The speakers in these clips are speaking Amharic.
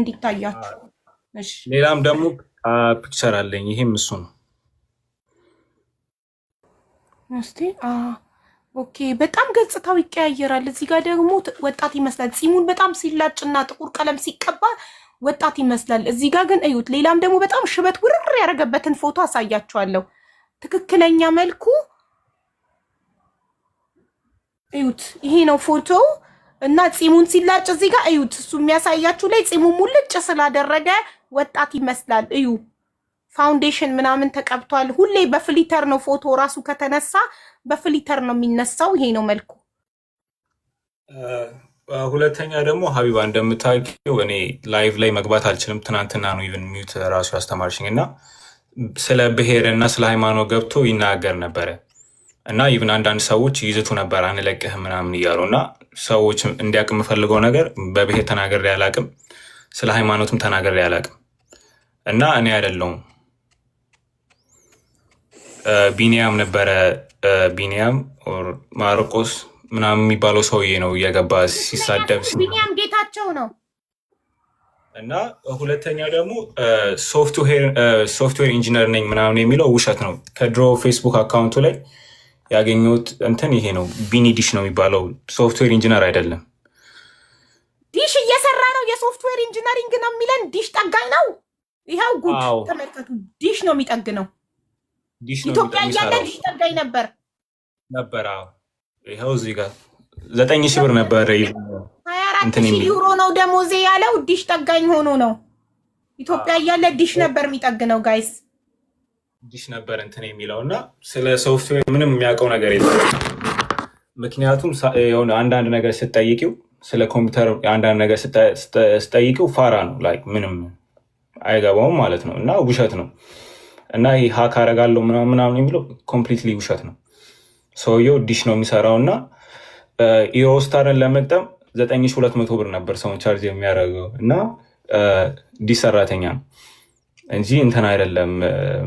እንዲታያችሁ። ሌላም ደግሞ ፒክቸር አለኝ። ይሄም እሱ ነው። እስቲ ኦኬ። በጣም ገጽታው ይቀያየራል። እዚህ ጋር ደግሞ ወጣት ይመስላል። ጺሙን በጣም ሲላጭ እና ጥቁር ቀለም ሲቀባ ወጣት ይመስላል። እዚህ ጋር ግን እዩት። ሌላም ደግሞ በጣም ሽበት ውርር ያደረገበትን ፎቶ አሳያችኋለሁ። ትክክለኛ መልኩ እዩት። ይሄ ነው ፎቶው። እና ፂሙን ሲላጭ እዚህ ጋር እዩት። እሱ የሚያሳያችሁ ላይ ፂሙ ሙልጭ ስላደረገ ወጣት ይመስላል። እዩ ፋውንዴሽን ምናምን ተቀብቷል። ሁሌ በፍሊተር ነው ፎቶ ራሱ ከተነሳ በፍሊተር ነው የሚነሳው። ይሄ ነው መልኩ። ሁለተኛ ደግሞ ሀቢባ እንደምታውቂው እኔ ላይቭ ላይ መግባት አልችልም። ትናንትና ነው ኢቨን ሚዩት ራሱ ያስተማርሽኝ እና ስለ ብሔር እና ስለ ሃይማኖት ገብቶ ይናገር ነበረ እና ኢቭን አንዳንድ ሰዎች ይዝቱ ነበር አንለቅህ ምናምን እያሉ እና ሰዎች እንዲያውቅ የምፈልገው ነገር በብሔር ተናገር ያላቅም ስለ ሃይማኖትም ተናገር ያላቅም እና እኔ አይደለውም ቢኒያም ነበረ ቢኒያም ማርቆስ ምናምን የሚባለው ሰውዬ ነው እየገባ ሲሳደብ ቢኒያም ጌታቸው ነው። እና ሁለተኛ ደግሞ ሶፍትዌር ኢንጂነር ነኝ ምናምን የሚለው ውሸት ነው። ከድሮ ፌስቡክ አካውንቱ ላይ ያገኘሁት እንትን ይሄ ነው። ቢኒ ዲሽ ነው የሚባለው። ሶፍትዌር ኢንጂነር አይደለም። ዲሽ እየሰራ ነው። የሶፍትዌር ኢንጂነሪንግ ነው የሚለን። ዲሽ ጠጋኝ ነው። ይኸው ጉድ ተመልከቱ። ዲሽ ነው የሚጠግ ነው። ኢትዮጵያ እያለ ዲሽ ጠጋኝ ነበር ነበር። አዎ ይኸው እዚህ ጋር ዘጠኝ ሺህ ብር ነበር። ሀያ አራት ሺህ ዩሮ ነው ደሞዜ ያለው። ዲሽ ጠጋኝ ሆኖ ነው። ኢትዮጵያ እያለ ዲሽ ነበር የሚጠግ ነው ጋይስ ዲሽ ነበር እንትን የሚለው እና ስለ ሶፍትዌር ምንም የሚያውቀው ነገር የለም። ምክንያቱም የሆነ አንዳንድ ነገር ስጠይቂው ስለ ኮምፒውተር አንዳንድ ነገር ስጠይቂው ፋራ ነው ላይ ምንም አይገባውም ማለት ነው እና ውሸት ነው እና ይህ ሀክ አረጋለሁ ምናምን የሚለው ኮምፕሊትሊ ውሸት ነው። ሰውየው ዲሽ ነው የሚሰራው እና ኢሮስታርን ለመጠም መቶ ብር ነበር ሰውን ቻርጅ የሚያደርገው እና ዲሽ ሰራተኛ ነው። እንጂ እንትን አይደለም።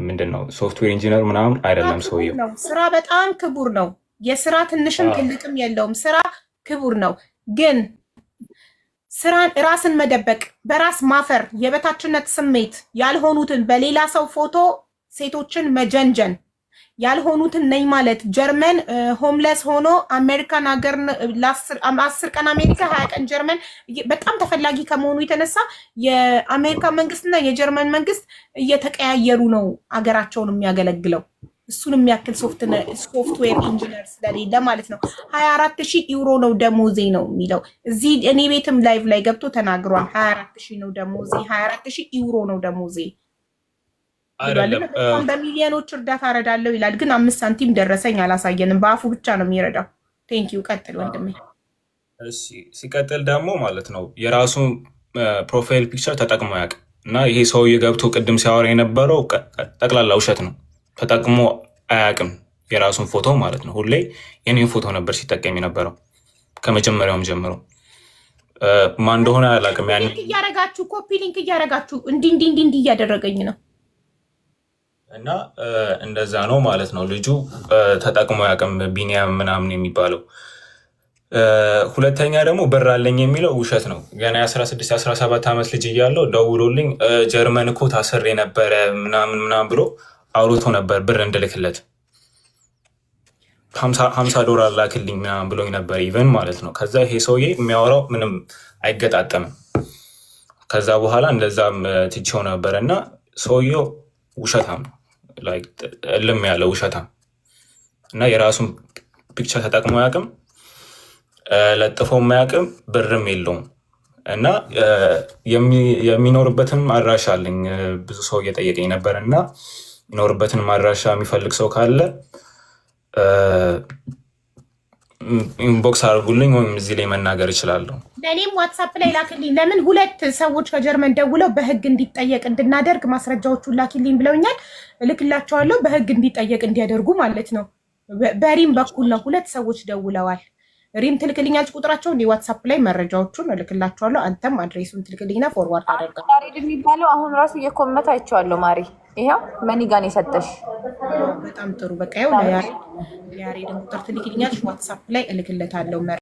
ምንድን ነው ሶፍትዌር ኢንጂነር ምናምን አይደለም። ሰውየው ስራ በጣም ክቡር ነው። የስራ ትንሽም ትልቅም የለውም። ስራ ክቡር ነው። ግን ስራን ራስን መደበቅ፣ በራስ ማፈር፣ የበታችነት ስሜት ያልሆኑትን በሌላ ሰው ፎቶ ሴቶችን መጀንጀን ያልሆኑትን ነኝ ማለት ጀርመን ሆምለስ ሆኖ አሜሪካን ሀገር አስር ቀን አሜሪካ ሀያ ቀን ጀርመን በጣም ተፈላጊ ከመሆኑ የተነሳ የአሜሪካ መንግስትና የጀርመን መንግስት እየተቀያየሩ ነው ሀገራቸውን የሚያገለግለው። እሱን የሚያክል ሶፍትዌር ኢንጂነር ስለሌለ ማለት ነው። ሀያ አራት ሺህ ዩሮ ነው ደሞዜ ነው የሚለው እዚህ እኔ ቤትም ላይቭ ላይ ገብቶ ተናግሯል። ሀያ አራት ሺህ ነው ደሞዜ፣ ሀያ አራት ሺህ ዩሮ ነው ደሞዜ በሚሊዮኖች እርዳታ እረዳለሁ ይላል፣ ግን አምስት ሳንቲም ደረሰኝ አላሳየንም። በአፉ ብቻ ነው የሚረዳው። ቴንኪው ቀጥል ወንድሜ። ሲቀጥል ደግሞ ማለት ነው የራሱ ፕሮፋይል ፒክቸር ተጠቅሞ ያውቅ እና ይሄ ሰውዬ ገብቶ ቅድም ሲያወራ የነበረው ጠቅላላ ውሸት ነው። ተጠቅሞ አያውቅም የራሱን ፎቶ ማለት ነው። ሁሌ የኔን ፎቶ ነበር ሲጠቀም የነበረው ከመጀመሪያውም ጀምሮ። ማን እንደሆነ አላውቅም። ያን እያረጋችሁ ኮፒ ሊንክ እያረጋችሁ እንዲህ እንዲህ እንዲህ እያደረገኝ ነው እና እንደዛ ነው ማለት ነው። ልጁ ተጠቅሞ ያቅም ቢኒያም ምናምን የሚባለው ሁለተኛ ደግሞ ብር አለኝ የሚለው ውሸት ነው። ገና የ16 17 ዓመት ልጅ እያለው ደውሎልኝ ጀርመን እኮ ታስሬ ነበረ ምናምን ምናምን ብሎ አውሮቶ ነበር ብር እንድልክለት ሀምሳ ዶላር ላክልኝ ምናምን ብሎኝ ነበር ኢቨን ማለት ነው። ከዛ ይሄ ሰውዬ የሚያወራው ምንም አይገጣጠምም። ከዛ በኋላ እንደዛም ትቼው ነበር እና ሰውዬው ውሸታም ነው። እልም ያለ ውሸታም እና የራሱን ፒክቸር ተጠቅሞ ያቅም ለጥፎም ማያቅም ብርም የለውም እና የሚኖርበትን ማድራሻ አለኝ። ብዙ ሰው እየጠየቀኝ ነበር እና የሚኖርበትን ማድራሻ የሚፈልግ ሰው ካለ ኢንቦክስ አድርጉልኝ ወይም እዚህ ላይ መናገር እችላለሁ። ለእኔም ዋትሳፕ ላይ ላክልኝ። ለምን ሁለት ሰዎች ከጀርመን ደውለው በህግ እንዲጠየቅ እንድናደርግ ማስረጃዎቹን ላክልኝ ብለውኛል። እልክላቸዋለሁ። በህግ እንዲጠየቅ እንዲያደርጉ ማለት ነው። በሪም በኩል ነው። ሁለት ሰዎች ደውለዋል። ሪም ትልክልኛለች እንዲ ዋትሳፕ ላይ መረጃዎቹን እልክላቸዋለሁ። አንተም አድሬሱን ትልክልኝና ፎርዋርድ አደርጋል። ማሪ የሚባለው አሁን ራሱ እየኮመታ አይቼዋለሁ። ማሪ ይኸው መኒጋን የሰጠሽ በጣም ጥሩ በቃ ያሬድን ቁጥር ትልክልኛለሽ፣ ዋትሳፕ ላይ እልክለታለሁ።